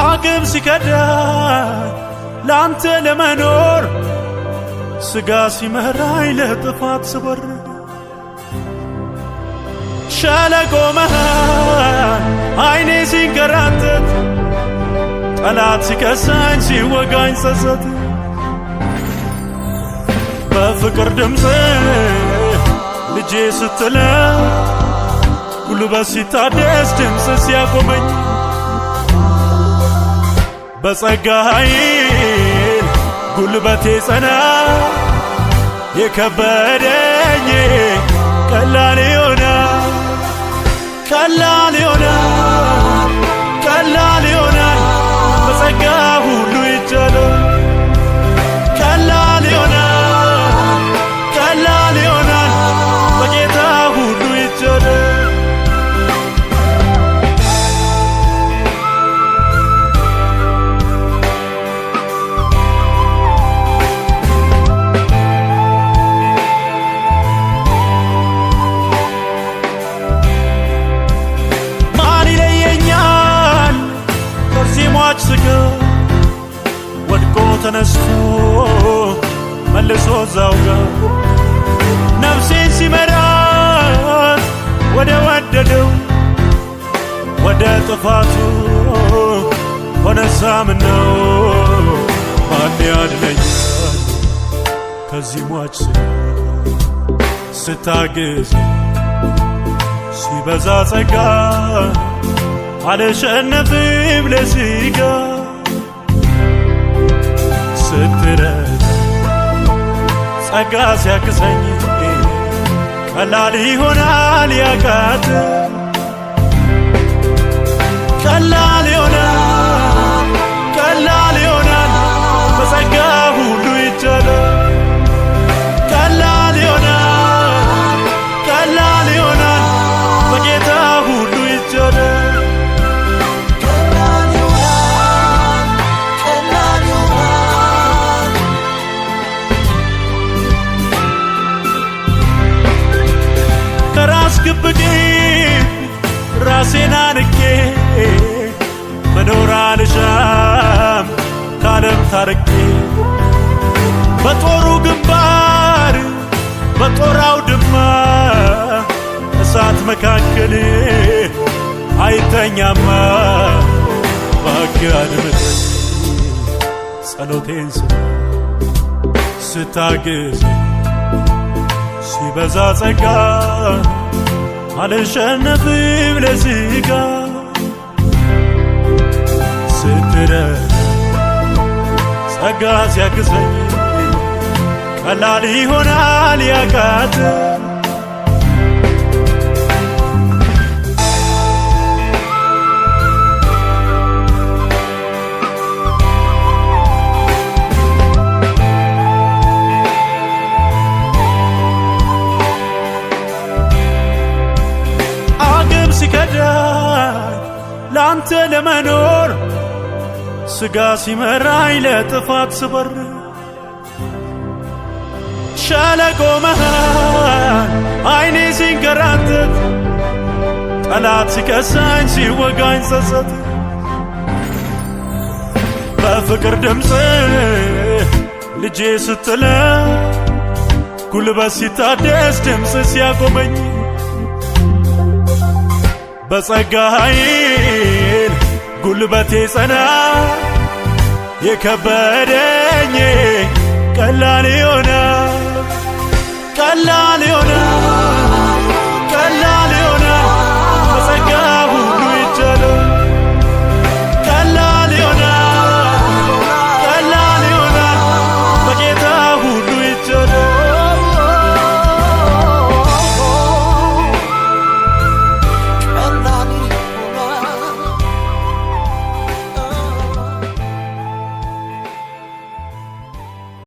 አቅም ሲከዳ ለአንተ ለመኖር ሥጋ ሲመራኝ ለጥፋት ስበር ሸለቆ መሃል አይኔ ሲንከራተት ጠላት ሲከሳኝ ሲወጋኝ ጸጸት በፍቅር ድምፅ ልጄ ስትለ ጉልበት ሲታደስ ድምፅ ሲያቆመኝ በጸጋይል ጉልበቴ ጸና የከበደኝ ቀላል ይሆናል ቀላል ይሆናል ተነስቶ መልሶ እዛው ጋር ነፍሴን ሲመራት ወደ ወደደው ወደ ጥፋቱ ሆነሳም ነው ማን ያድነኛል ከዚህ ሟች ስታግዝ ሲበዛ ጸጋ አልሸነፍም ለዚህ ጋር ጸጋ ሲያግዘኝ ቀላል ይሆናል ያቃት ቀላል ግብግብ ራሴን አንቄ መኖር አልሻም ካለም ታርቄ በጦሩ ግንባር በጦር አውድማ እሳት መካከል አይተኛማ ባክህ አድምጠኝ ጸሎቴን ስማ ስታግዝ ሲበዛ ጸጋ አልሸነፍም ለስጋ ስትረፍ ጸጋ ሲያግዘኝ ቀላል ይሆናል ያቃተ ባንተ ለመኖር ስጋ ሲመራኝ ለጥፋት ስበር ሸለቆ መሃል አይኔ ሲንገራትት! ጠላት ሲከሳኝ ሲወጋኝ ጸጸት በፍቅር ድምፅ ልጄ ስትለ ጉልበት ሲታደስ ድምፅ ሲያቆመኝ በጸጋ ኃይል ጉልበቴ ጸና የከበደኝ ቀላል ይሆነ ቀላል ይሆነ